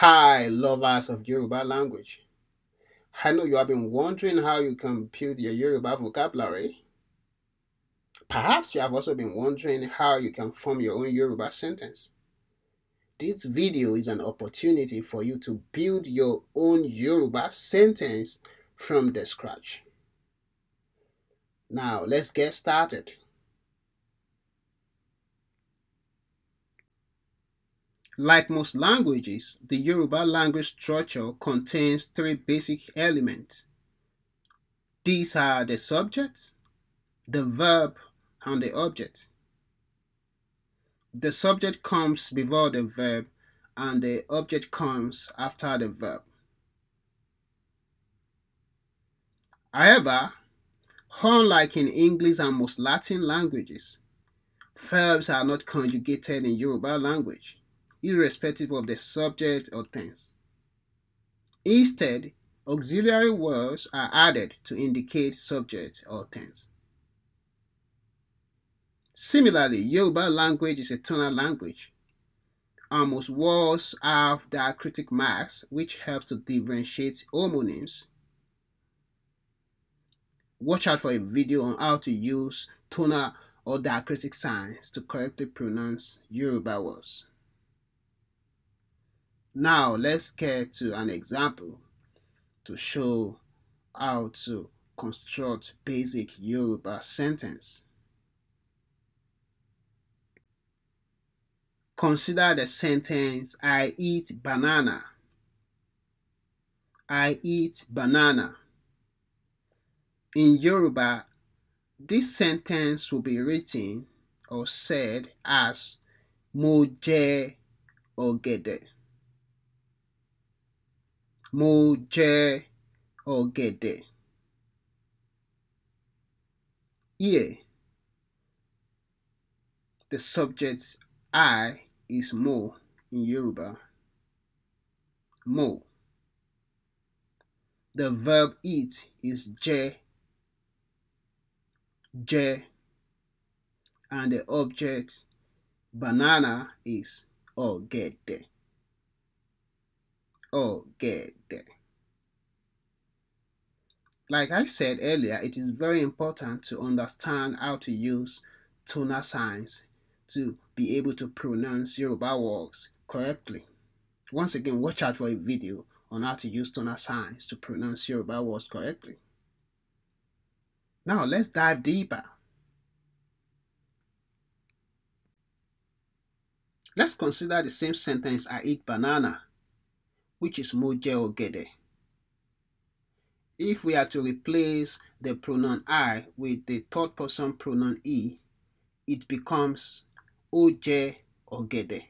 Hi, lovers of Yoruba language. I know you have been wondering how you compute your Yoruba vocabulary. Perhaps you have also been wondering how you can form your own Yoruba sentence. This video is an opportunity for you to build your own Yoruba sentence from the scratch. Now, let's get started. Like most languages, the Yoruba language structure contains three basic elements. These are the subject, the verb, and the object. The subject comes before the verb and the object comes after the verb. However, unlike in English and most Latin languages, verbs are not conjugated in Yoruba language irrespective of the subject or tense. Instead, auxiliary words are added to indicate subject or tense. Similarly, Yoruba language is a tonal language. Almost words have diacritic marks which help to differentiate homonyms. Watch out for a video on how to use tonal or diacritic signs to correctly pronounce Yoruba words. Now let's get to an example to show how to construct basic Yoruba sentence. Consider the sentence, I eat banana. I eat banana. In Yoruba, this sentence will be written or said as Mo je ogede mo jẹ ọ̀gẹ̀dẹ̀ Here, the subject i is mo in Yoruba mo the verb eat is jẹ jẹ and the object banana is ọ̀gẹ̀dẹ̀. Oh, Like I said earlier, it is very important to understand how to use tonal signs to be able to pronounce Yoruba words correctly. Once again, watch out for a video on how to use tonal signs to pronounce Yoruba words correctly. Now let's dive deeper. Let's consider the same sentence I eat banana which is moje ọ̀gẹ̀dẹ̀. If we are to replace the pronoun I with the third person pronoun e, it becomes oje ọ̀gẹ̀dẹ̀.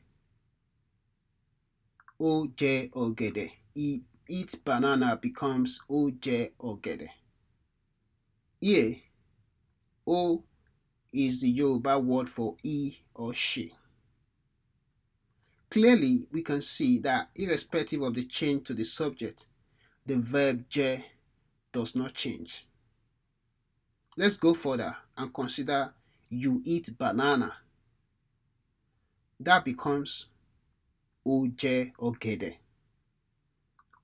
Oje ọ̀gẹ̀dẹ̀. E, eats banana becomes oje ọ̀gẹ̀dẹ̀. Here, ó is the Yoruba word for E or she. Clearly, we can see that irrespective of the change to the subject, the verb je does not change. Let's go further and consider you eat banana. That becomes oje ogede.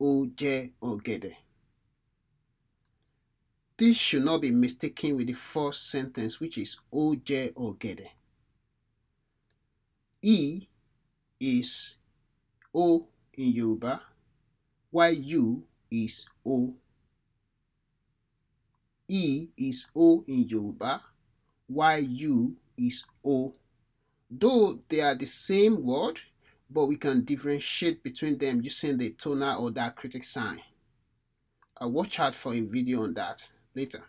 Oje ogede. This should not be mistaken with the first sentence which is oje ogede. E is O in Yoruba, while U is O. E is O in Yoruba, while U is O. Though they are the same word, but we can differentiate between them using the tonal or diacritic sign. I'll watch out for a video on that later.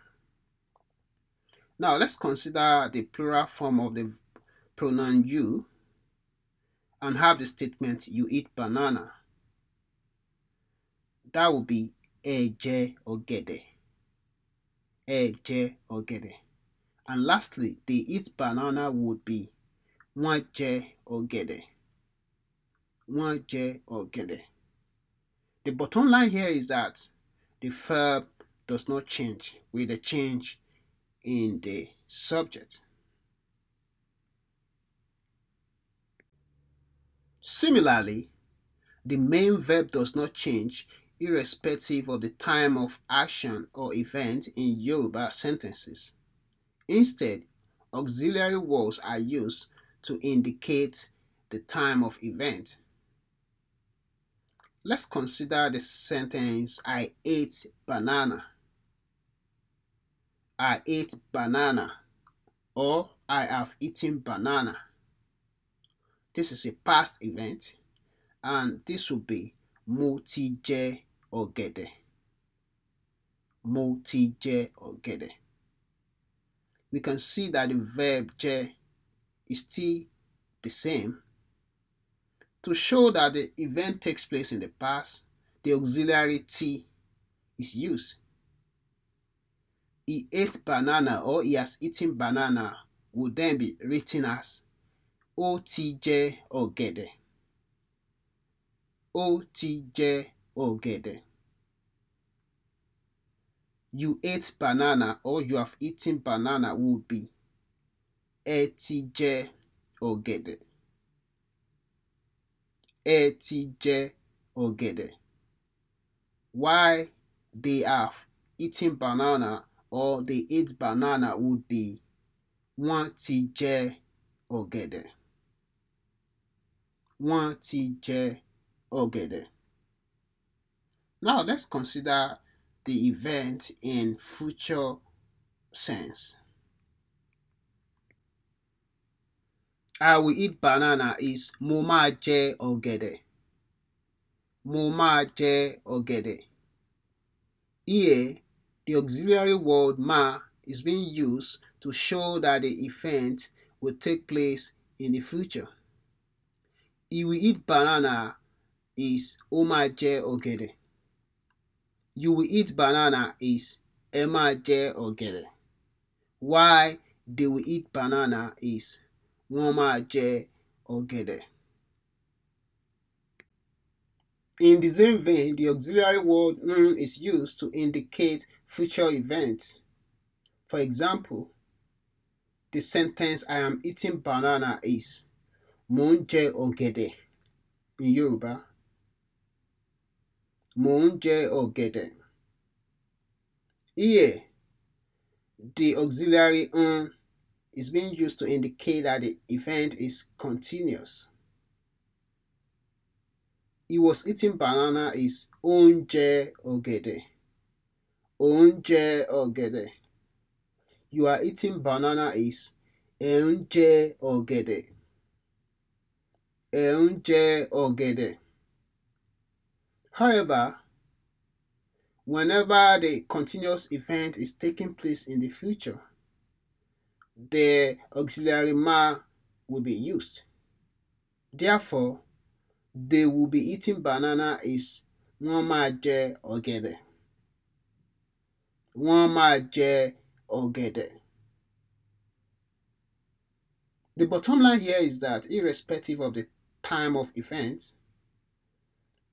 Now let's consider the plural form of the pronoun you and have the statement you eat banana. That would be eje ogede. Eje ogede. And lastly, the eat banana would be or gede. ọ̀gẹ̀dẹ̀. j or ọ̀gẹ̀dẹ̀. The bottom line here is that the verb does not change with the change in the subject. Similarly, the main verb does not change irrespective of the time of action or event in Yoruba sentences. Instead, auxiliary words are used to indicate the time of event. Let's consider the sentence, I ate banana. I ate banana or I have eaten banana. This is a past event and this will be multi or ogede. Multi or ogede. We can see that the verb j is still the same. To show that the event takes place in the past, the auxiliary t is used. He ate banana or he has eaten banana would then be written as ó ti jẹ ọ̀gẹ̀dẹ̀ ó ti jẹ ọ̀gẹ̀dẹ̀. You ate banana or you have eaten banana would be ẹ ti jẹ ọ̀gẹ̀dẹ̀ ẹ ti jẹ ọ̀gẹ̀dẹ̀. Why they have eaten banana or they ate banana would be wọ́n ti jẹ ọ̀gẹ̀dẹ̀ wọ́n ti jẹ ọ̀gẹ̀dẹ̀. Now let's consider the event in future sense. I will eat banana is mo máa jẹ ọ̀gẹ̀dẹ̀. Mo máa jẹ ọ̀gẹ̀dẹ̀. Here, the auxiliary word ma is being used to show that the event will take place in the future. You will eat banana is Oma máa jẹ ọ̀gẹ̀dẹ̀. You will eat banana is ẹ máa jẹ ọ̀gẹ̀dẹ̀. Why do we eat banana is wọ́n máa jẹ ọ̀gẹ̀dẹ̀. In the same vein, the auxiliary word "n" mm, is used to indicate future events. For example, the sentence I am eating banana is mò ọ̀gẹ̀dẹ̀ in Yorùbá mò ọ̀gẹ̀dẹ̀ here the auxiliary un um, is being used to indicate that the event is continuous he was eating banana is ó jẹ ọ̀gẹ̀dẹ̀ ó jẹ ọ̀gẹ̀dẹ̀ you are eating banana is ẹ̀ jẹ ọ̀gẹ̀dẹ̀ ẹ̀ jẹ ọ̀gẹ̀dẹ̀. However, whenever the continuous event is taking place in the future, the auxiliary ma will be used. Therefore, they will be eating banana is wọ́n máa jẹ ọ̀gẹ̀dẹ̀. ma máa jẹ ọ̀gẹ̀dẹ̀. The bottom line here is that, irrespective of the time of events,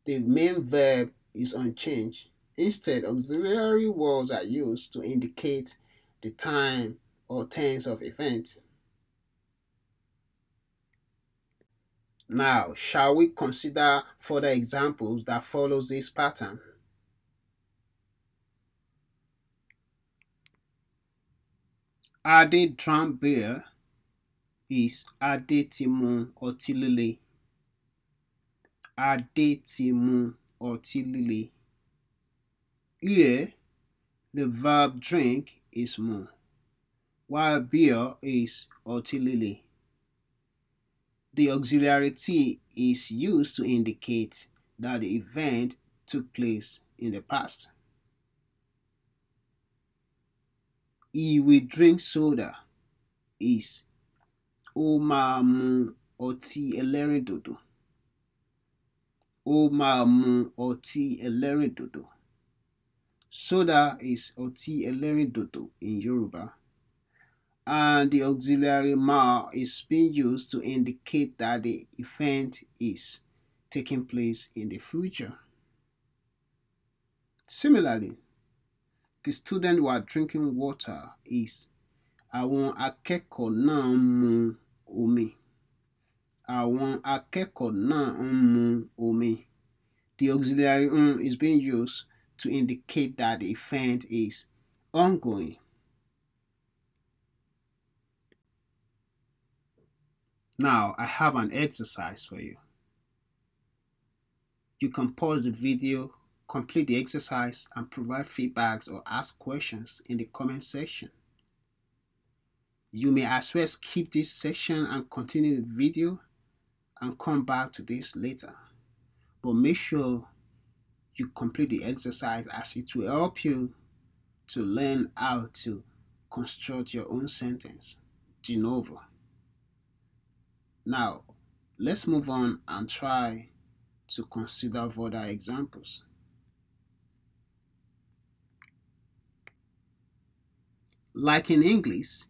the main verb is unchanged. Instead, auxiliary words are used to indicate the time or tense of events. Now, shall we consider further examples that follows this pattern? Ade drank beer is Ade Timon Otilele. Adé ti mu ọtí líle. Here, the verb drink is mu, while beer is ọtí líle. The auxiliary T is used to indicate that the event took place in the past. He will drink soda is ó máa mu ọtí ẹlẹ́rìndòdò. ó ma mu ọtí dodo Soda is ọtí dodo in Yoruba. And the auxiliary ma is being used to indicate that the event is taking place in the future. Similarly, the student who are drinking water is àwọn akeko na mu omi àwọn akẹ́kọ̀ọ́ náà ń mu omi. The auxiliary um is being used to indicate that the event is ongoing. Now, I have an exercise for you. You can pause the video, complete the exercise, and provide feedbacks or ask questions in the comment section. You may as well skip this section and continue the video and come back to this later. But make sure you complete the exercise as it will help you to learn how to construct your own sentence de novo. Now, let's move on and try to consider other examples. Like in English,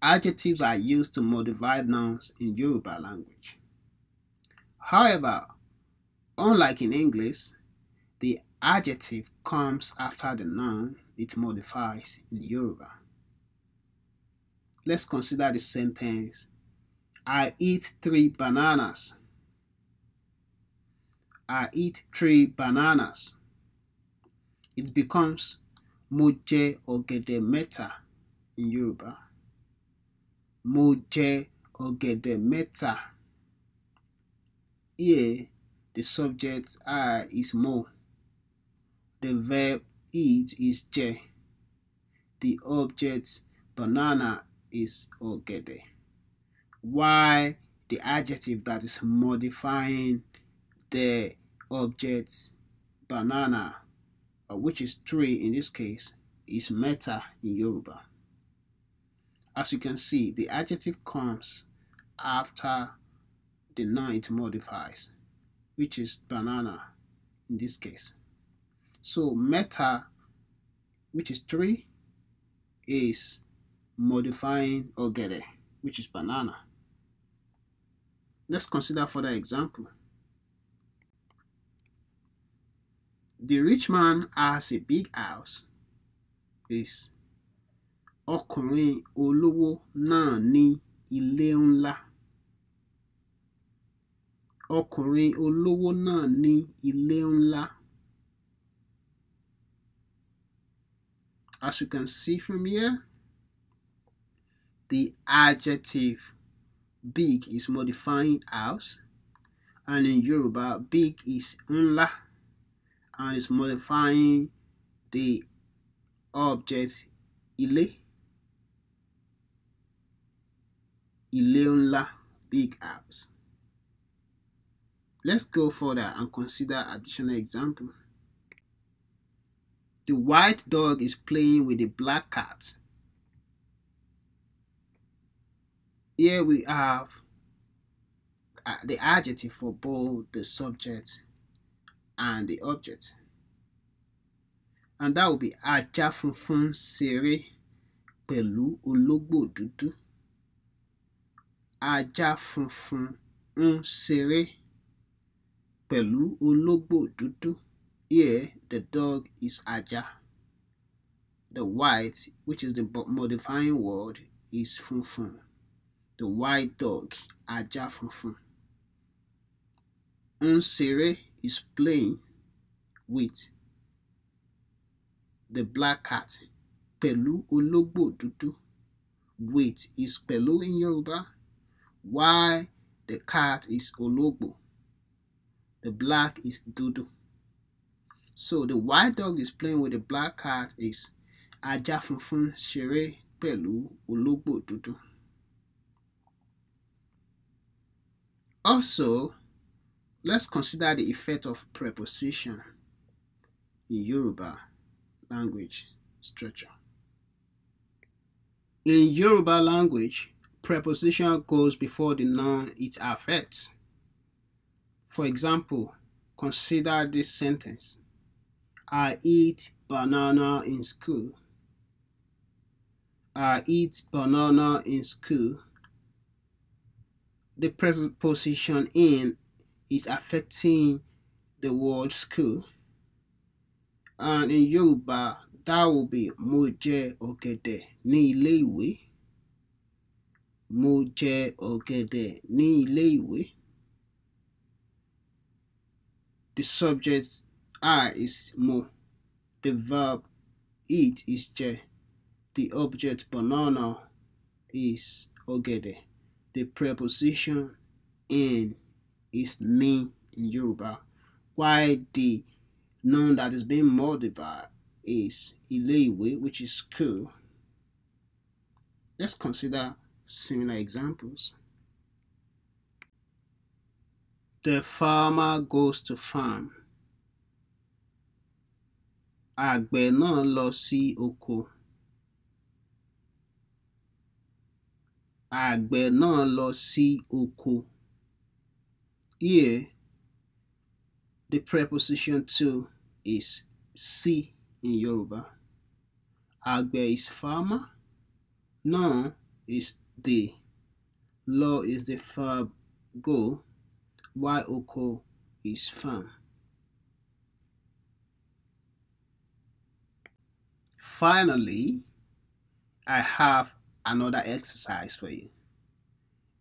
adjectives are used to modify nouns in Yoruba language. However, unlike in English, the adjective comes after the noun it modifies in Yoruba. Let's consider the sentence I eat three bananas. I eat three bananas. It becomes Moje ọ̀gẹ̀dẹ̀ mẹ́ta in Yoruba. Moje ọ̀gẹ̀dẹ̀ mẹ́ta. Here, the subject I is mo. The verb eat is je. The object banana is ogede. Why the adjective that is modifying the object banana, uh, which is three in this case, is meta in Yoruba. As you can see, the adjective comes after the ninth modifies, which is banana in this case. So meta, which is 3, is modifying ogere, which is banana. Let's consider the example. The rich man has a big house. Is ọkùnrin olówó na ní ilé ńlá. Ọkùnrin olówó náà ní ilé ńlá. As you can see from here, the adjective big is modifying house, and in Yoruba, big is unla, and it's modifying the object ilé. Ilé ńlá, big house. Let's go further and consider additional example. The white dog is playing with the black cat. Here we have uh, the adjective for both the subject and the object. And that will be Ajá funfun pẹ̀lú ológbò dúdú. Ajá funfun ń ṣeré pẹ̀lú ológbò dúdú. Here, the dog is Aja. The white, which is the modifying word, is Funfun. The white dog, Aja Funfun. Unsere is playing with the black cat. Pẹ̀lú ológbò dúdú. With is pẹ̀lú in Yoruba, Why the cat is ológbò. The black is Dudu. So the white dog is playing with the black cat is ajafunfun shere ṣeré pẹ̀lú ológbò dúdú. Also, let's consider the effect of preposition in Yoruba language structure. In Yoruba language, preposition goes before the noun it affects. For example, consider this sentence. I eat banana in school. I eat banana in school. The preposition in is affecting the word school. And in Yoruba, that will be "moje ogede ni ile "Moje ogede ni ile the subject I is mo. The verb it is je. The object banana is ogede. The preposition in is me in Yoruba. Why the noun that is being modified is ilewe, which is school. Let's consider similar examples. The farmer goes to farm. Àgbẹ̀ lọ sí oko. Àgbẹ̀ lọ sí oko. Here, the preposition to is sí in Yoruba. Àgbẹ̀ is farmer. Náà is the. Lọ is the verb go. Yoko is firm. Finally, I have another exercise for you.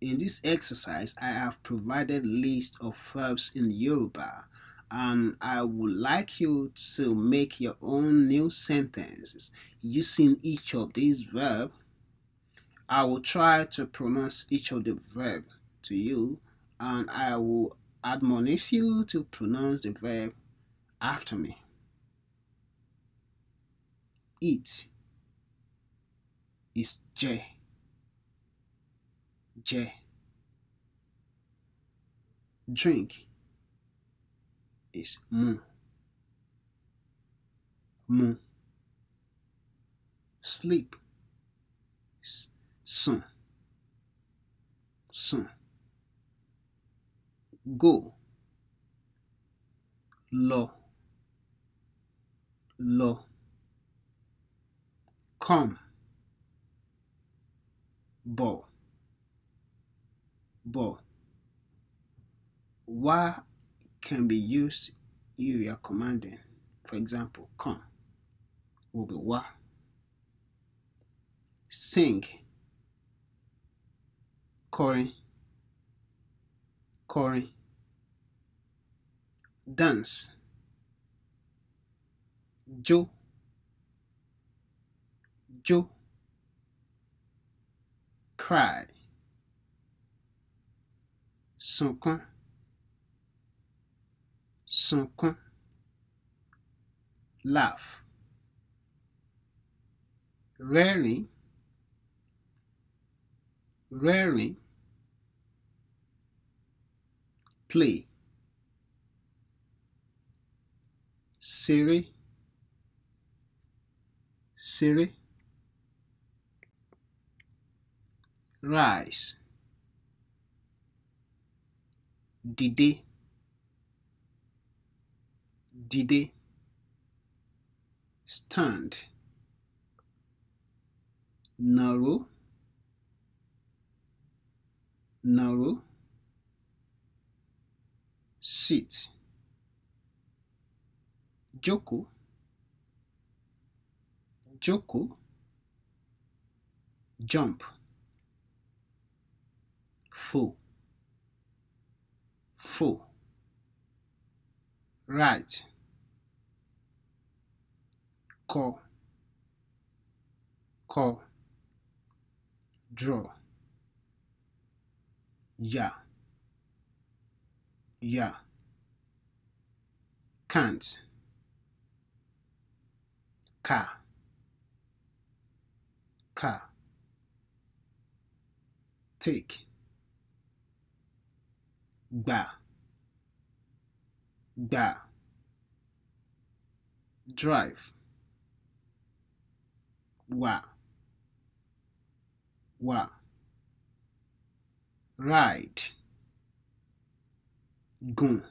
In this exercise, I have provided list of verbs in Yoruba and I would like you to make your own new sentences using each of these verbs. I will try to pronounce each of the verb to you and I will admonish you to pronounce the verb after me. It is J. J. Drink is mu. Mu. Sleep is sun. Sun go lo lo come bo bo Wa can be used if you are commanding for example come will be wa. sing kọrin kọrin dance yo yo Cry. son coin son coin laugh rarely rarely play Siri, Siri, Rice, Didi, Didi, Stand, Naru, Naru, Sit. Juku. Juku. jump, Fu. Fu. right, ko, ko, draw, yeah, yeah, can't ka ka take gba gba drive wa wa ride gun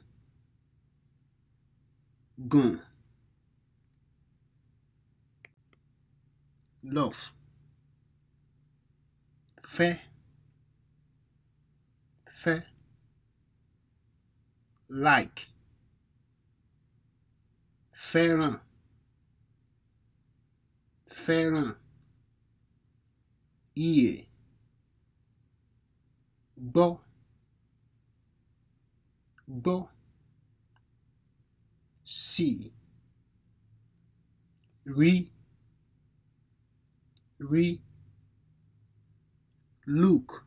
gun love, fẹ́, fẹ́, like, fẹ́ràn, fẹ́ràn, iye, Do. Do. sí, rí re Luke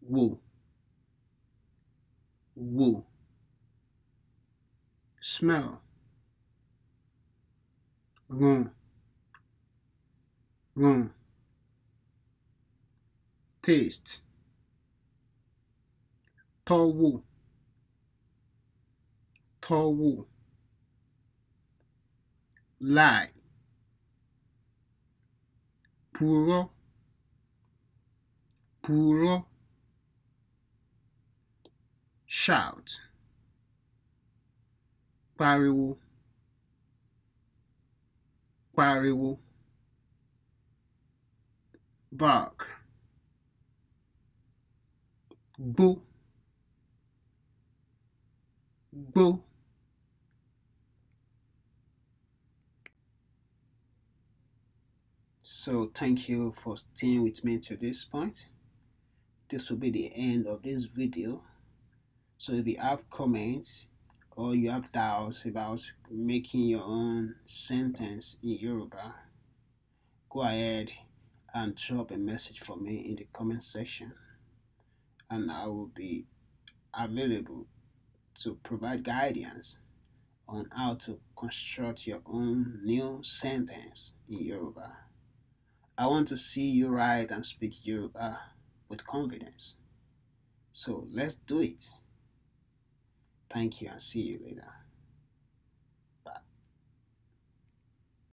Woo Woo Smell Room Room Taste Tall Woo Tall Woo Lie pulo pulo shout, pariwo, pariwo, bark, gbó, gbó. So thank you for staying with me to this point. This will be the end of this video. So if you have comments or you have doubts about making your own sentence in Yoruba, go ahead and drop a message for me in the comment section and I will be available to provide guidance on how to construct your own new sentence in Yoruba. I want to see you write and speak you uh, with confidence. So let's do it. Thank you and see you later.